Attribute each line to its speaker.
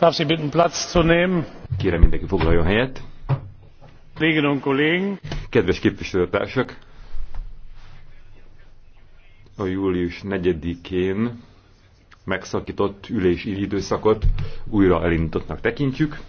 Speaker 1: Darf Sie bitten, Platz zu nehmen?
Speaker 2: Kérem mindenki foglaljon helyet.
Speaker 1: Kolleginnen und Kollegen.
Speaker 2: Kedves képviselőtársak! A július 4-én megszakított ülési időszakot újra elindítottnak tekintjük.